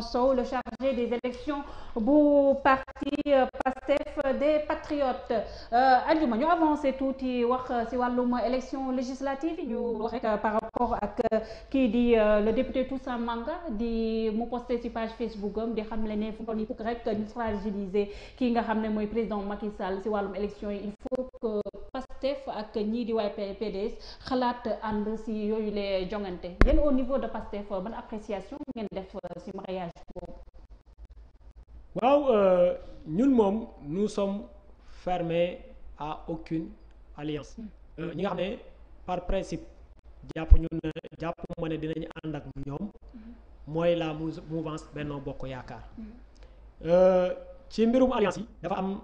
Sow, le chargé des élections bu parti euh, PASTEF des Patriotes euh, aljuma ñu avancé tuuti wax ci euh, wàllum élection législative ñu wax rek par rapport ak kii di le député Toussaint Manga di mu posté ci page Facebook am di xam le ne fu ni rek ñu fragiliser kii nga xam ne mooy président Macky Sall ci wàllum élection il faut que Pastef ak ñii di waay xalaat ànd si yooyu les jongante yéen niveau de Pastef ban appréciation ngeen def si mariage boobu. waaw euh, ñun moom nous sommes fermés à aucune alliance. Euh, ñi nga xam ne par principe jàpp ñu ne jàpp ma ne dinañu ànd ak ñoom. mooy la mouvance Benno Bokk Yaakaar. Euh, ci mbirum alliance yi dafa am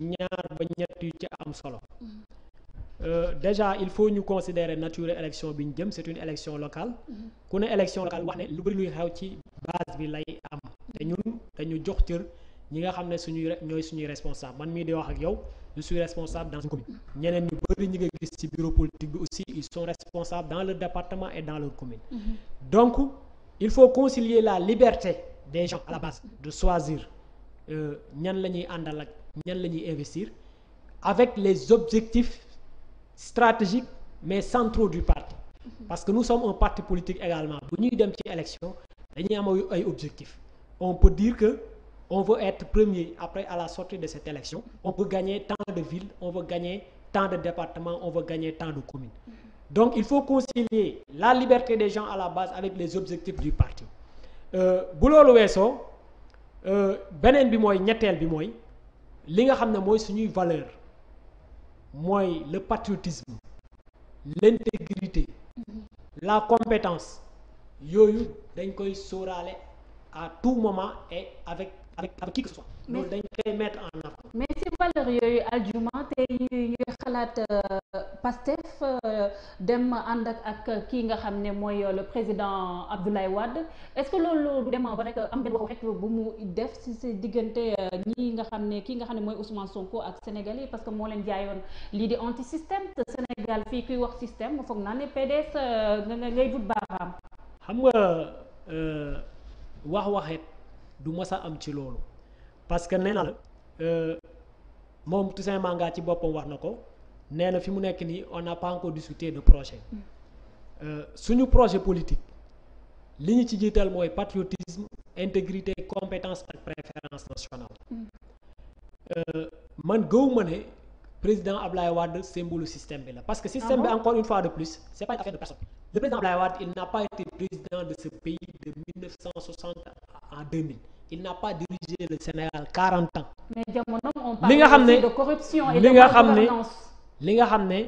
ñaar ba ñett yu ci am solo Euh, déjà il faut ñu considérer nature élection bi ñu jëm c'est une élection locale mm-hmm. ku ne élection locale wax ne lu bëri luy xew ci base bi lay am te ñun dañu jox cër ñi nga xam ne suñuy ñooy suñuy responsable man mii di wax ak yow je suis responsable dans une commune mm-hmm. ñeneen ñu bëri ñi nga gis ci bureau politique bi aussi ils sont responsables dans leur département et dans leur commune mm-hmm. donc il faut concilier la liberté des gens à la base de choisir euh, ñan la ñuy àndal ñan la ñuy investir avec les objectifs stratégique mais centraux du parti parce que nous sommes un parti politique également bu ñuy dem ci élection dañuy am ay objectifs on peut dire que on veut être premier après à la sortie de cette élection on veut gagner tant de villes on veut gagner tant de départements on veut gagner tant de communes donc il faut concilier la liberté des gens à la base avec les objectifs du parti euh, bu loolu weesoo euh, beneen bi mooy ñetteel bi mooy li nga xam ne mooy suñuy valeur mooy le patriotisme l'intégrité mm-hmm. la compétence yooyu dañ koy sóoraale à tout moment et avec avec avec qui que soit loolu dañ koy mettre en avant mais si valeur yooyu aljuma tey ñuy xalaat euh, Pastef euh, dem ànd ak ak kii nga xam ne mooy la président Abdoulaye Wade est-ce que loolu du demaa ba rek am benn wax bu mu def si si diggante euh, ñi nga xam ne kii nga xam ne mooy Ousmane Sonko ak Sénégalais parce que moo leen jaayoon lii di anti système te Sénégal fii kuy wax système foog naa ne PDS euh, nga ngay dut baaraam. xam nga euh, wax waxet du mës a am ci loolu parce que nee na la moom Toussaint Manga ci boppam wax na ko. nee na fi mu nekk nii on n'a pas encore discuté de projet mm. euh, ñu projet politique li ñu ci jiital mooy patriotisme intégrité compétence ak préférence nationale mm. euh, man gëwuma ne président Ablaye Wade symbole système bi la parce que système bi ah encore une fois de plus c'est pas une affaire de le président Ablaye Wade il n'a été président de ce pays de il n'a dirigé le Sénégal 40 ans li nga xam ne li nga xam ne li nga xam ne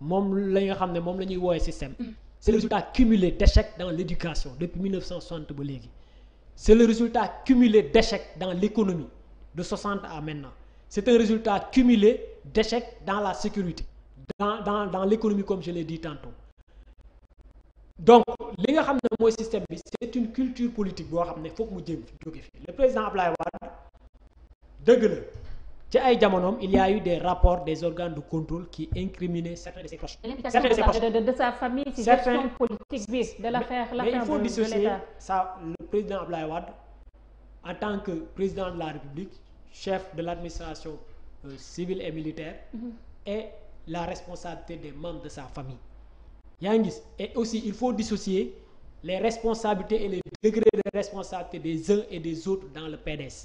moom la nga xam ne moom la ñuy woowee système. Mm. c' est le résultat cumulé d' échec dans l' éducation depuis 1960 ba le résultat cumulé d' échec l' économie de 60 à maintenant c' est un résultat cumulé échec dans la sécurité. dans dans dans l' économie comme je l'ai dit donc li nga xam ne mooy système bi c' est une culture politique boo xam ne foog mu jëm fi jóge fi le président Ablaye Wade dëgg la. ci ay jamonoom il y a eu des rapports des organes de contrôle qui incriminaient certains de ses proches. certains de ses proches de sa famille ci de l'affaire l'affaire mais il faut dissocier ça président Abdoulaye Wade en tant que président de la République chef de l'administration euh, civile et militaire mm-hmm. est la responsabilité des membres de sa famille yaa ngi gis et aussi il faut dissocier les responsabilités et les degrés de responsabilité des uns et des autres dans le PDS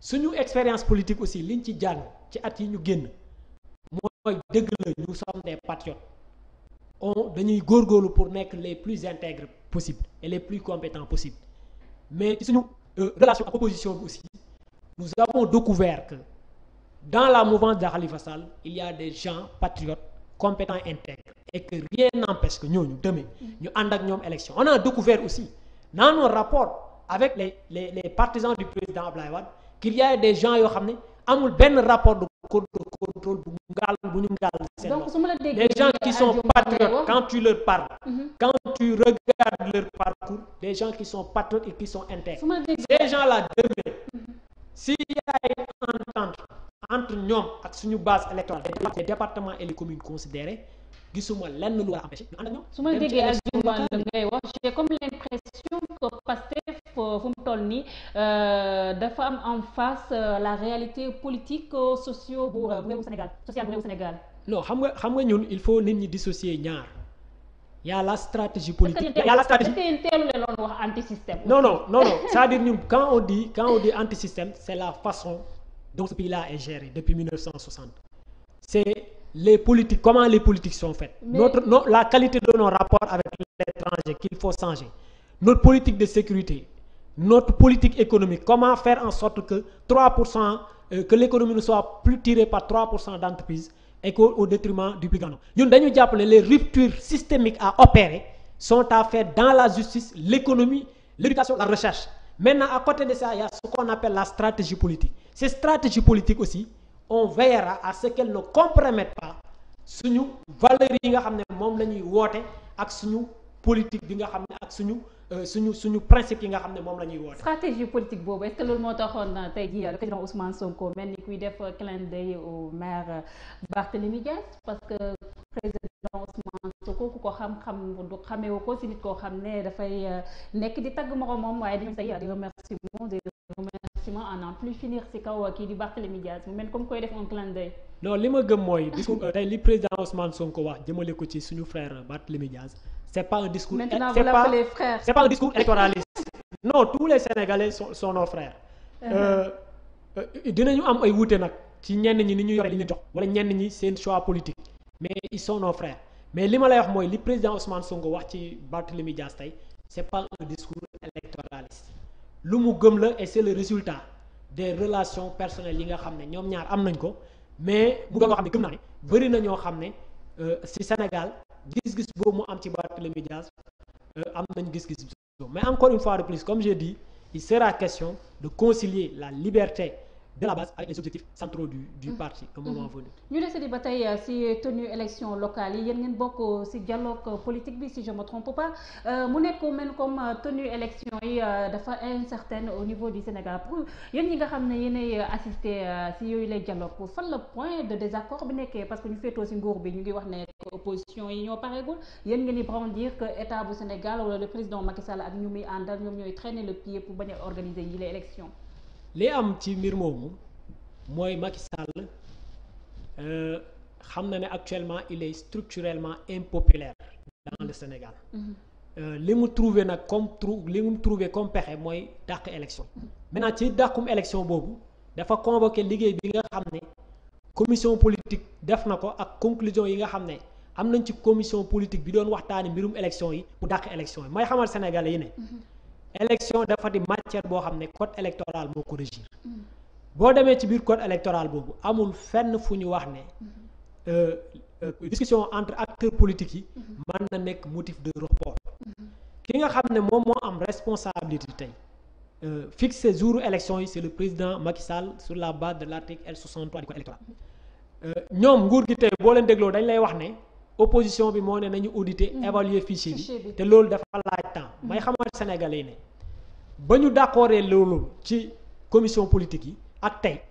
suñu expérience politique aussi liñ ci jàng ci at yi ñu génn mooy dëgg la ñu sommes des patriotes on dañuy góor góorgóorlu pour nekk les plus intègres possibles et les plus compétents possibles mais ci suñu euh, relation ak opposition bi aussi nous avons découvert que dans la mouvance de Khalifa Sall il y des gens patriotes compétents intègres et que rien n'empêche que ñu demee ñu ànd ak ñoom élection on a découvert aussi dans nos rapports avec les les les partisans président Abdoulaye Wade qu'il y a des gens yoo xam ne amul benn rapport de contrôle bu ngaal bu ñu ngaal seen des gens qui sont patriotes quand leur parles mhm. quand tu leur parcours des gens qui sont patriotes et qui sont intègres ces gens-là demain mhm. s'il y a entre ñoom ak suñu base électorale les départements et les communes considérées gisuma lenn lu war a empêcher ñu ànd ak ñoom toll ni euh, dafa am en face euh, la réalité politique euh, socio bu réewu Sénégal sociale bu réewu non xam nga xam nga ñun il faut nit ñi dissocier ñaar y la stratégie politique y a la stratégie wax anti système. non non non non c'est-à-dire ñun quand on dit quand on dit anti système c'est la façon dont ce pays-là est géré depuis c'est les politiques comment les politiques sont faites. Mais... notre non la qualité de nos rapports avec l'étranger qu'il faut changer notre politique de sécurité notre politique économique comment faire en sorte que 3 pour cent euh, que l'économie ne soit plus tirée par 3 pour cent d'entreprises et qu'au détriment du plus grand nombre ñun dañu jàpp ne les ruptures systémiques à opérer son à fait dans la justice l'économie l'éducation la recherche maintenant à côté de ça il y a ce qu'on appelle la stratégie politique ces stratégies politiques aussi on veillera à ce qu'elles ne compromettent pas suñu valeurs yi nga xam ne moom la ñuy woote ak suñu politique bi nga xam ne ak suñu euh, suñu suñu principe yi nga xam ne moom la ñuy woote. stratégie politique boobu est-ce que loolu moo taxoon euh, tey jii euh, le président Ousmane Sonko mel ni kuy def clin d'œil au maire Barthélémy Dias parce que président Ousmane Sonko ku ko xam-xam du xamee ko si koo xam ne dafay nekk di tagg moroom moom waaye dañu say des remerciements des remerciements à n'en si kaw kii di Barthélémy Dias mu mel comme koy def un clin li ma gëm mooy. discours tey li président Ousmane wax jëmale ko ci suñu frère Barthélémy Dias. c'est pas un discours maintenant vous l'appelez frère c'est pas un discours électoraliste non tous les sénégalais sont sont nos frères uh-huh. euh, euh, dinañu am ay wuute nag ci ñenn ñi ni ñu yore li ñu jox wala ñenn ñi seen choix politique mais ils sont frères mais li ma lay wax mooy li président Ousmane Sonko wax ci Barthélemy Dias tey c'est pas un discours électoraliste lu mu gëm la et c'est le résultat des relations personnelles yi nga xam ne ñoom ñaar am nañ ko mais bu doon loo xam ne gëm naa ne bëri na ñoo xam ne ci euh, Sénégal gis-gis boobu mu am ci Barthélémy Dias euh, am nañ gis-gis mais encore une fois de plus comme j'ai dit il sera question de concilier la liberté de la base avec les objectifs centraux du du mm-hmm. parti au moment venu. ñu desee di ba tey ci euh, tenue élection locale yi yéen ngeen bokk ci dialogue politique bi si je me trompe euh, mu nekk mel comme euh, tenue élection yi dafa incertaine au niveau du Sénégal pour yéen ñi nga xam ne yéenay assister ci yooyu lay dialogue fan la point de désaccord bi nekkee parce que ñu féetoo ci nguur bi ñu ngi wax ne opposition yi ñoo pareegul yéen ngeen di brandir que état bu Sénégal wala le président li am ci mbir moomu mooy Macky Sall euh, xam na ne actuellement il est structurellement impopulaire dans Sénégal mhm. euh, li mu trouvé nag comme trou li mu trouvé comme pexe mooy dàq élection maintenant ci dàqum élection boobu dafa convoqué liggéey bi nga xam ne commission politique def na ko ak conclusion yi nga xam ne am nañ ci commission politique bi doon waxtaani mbirum élection yi mu dàq élection yi may xamal sénégalais yi ne mhm. élection dafa di matière boo xam ne code électoral moo ko régir mm. boo demee ci biir code électoral boobu amul fenn fu ñu wax ne mm-hmm. euh, euh, discussion entre acteurs politiques yi mm-hmm. mën na nekk motif de report mm-hmm. ki nga xam ne moom moo am responsabilité tey euh, fixer jour élection yi c'est le président Macky Sall sur la base de l'article L63 du code électoral ñoom nguur gi tey boo leen dégloo dañ lay wax ne opposition bi moo ne nañu auditer évaluer fichier bi te loolu dafa laaj temps may xamal Sénégalais yi ne ba ñu d'accordee loolu ci commission politique yi ak tey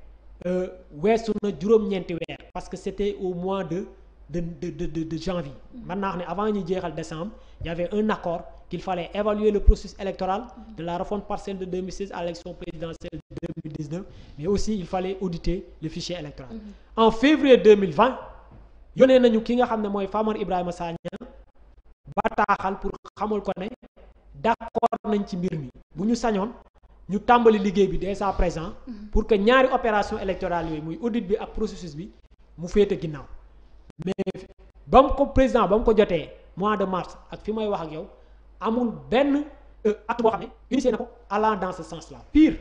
euh, weesu na juróom-ñeenti weer parce que c'était au mois de de de de de janvier mën naa wax ne avant ñuy jeexal décembre il y avait un accord qu'il fallait évaluer le processus électoral de la refonte partielle de 2016 à l'élection présidentielle de 2019 mais aussi il fallait auditer le fichier électoral mm-hmm. en février 2020 yónnee nañu ki nga xam ne mooy Famar Ibrahima Sagna bataaxal pour xamul ko ne d'accord nañ ci mbir mi bu ñu sañoon ñu tàmbali liggéey bi des à présent mhm. pour que ñaari opération électorale yooyu muy audit bi ak processus bi mu féete ginnaaw mais ba mu ko président ba mu ko jotee mois de mars ak fi may wax ak yow amul benn euh, acte boo xam ne initié na ko allant dans ce sens la pire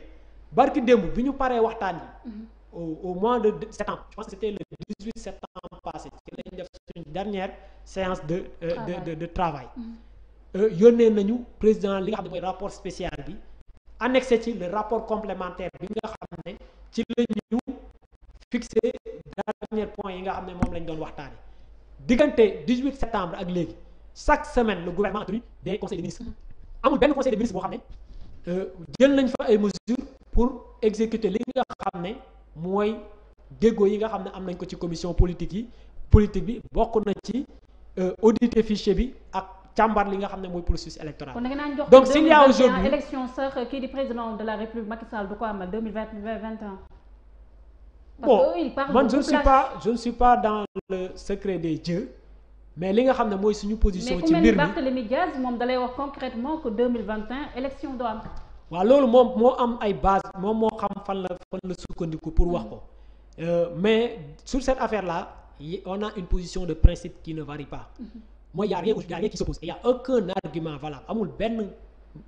barki démb bi ñu paree waxtaan yi mhm. au mois de septembre je pense que c'était le 18 septembre passé ci lañ def suñu de euh, de de travail mhm. Euh, yónnee nañu président li nga xam ne mooy rapport spécial bi annexé ci le rapport complémentaire bi nga xam ne ci la ñu fixé dernier point yi nga xam ne moom lañ doon waxtaan waxtaane diggante 18 septembre ak léegi chaque semaine le gouvernement a des conseils des ministres amul benn conseil des ministres boo xam ne euh, jël nañ fa ay mesures pour exécuter li nga xam ne mooy déggoo yi nga xam ne am nañ ko ci commission politique yi politique bi bokk na ci euh, auditer fichier bi ak càmbar li nga xam ne mooy processus électoral. donc s'il y a aujourd'hui élection sax euh, kii di président de la république Macky Sall du ko amal 2020 2021. bon man je ne suis pas je ne suis pas dans le secret des dieux mais li nga xam ne mooy suñu position. ci mbir mi mais dalay wax concrètement que 2021 élection do waa waaw loolu moom moo am ay base moom moo xam fan la fan la sukkandiku pour wax ko mm. euh, mais su cette affaire là on a une position de principe qui ne varie pas. Mm-hmm. mooy y a rien y a rien qui s'oppose a aucun argument amul benn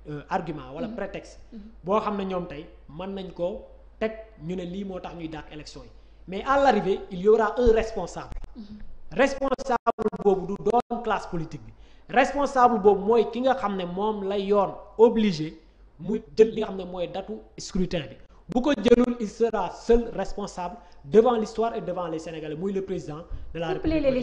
euh, argument wala mhm. prétexte mhm. boo xam ne ñoom tey man nañ ko teg ñu ne lii moo tax ñuy dàq élection yi mais à l'arrivée il y aura un responsable mhm. responsable boobu du doon classe politique bi responsable boobu mooy ki nga xam ne moom la yoon obligé mu jël li nga xam ne mooy datu scrutin bi bu ko jëlul il sera seul responsable devant l'histoire et devant les Sénégalais muy le président de la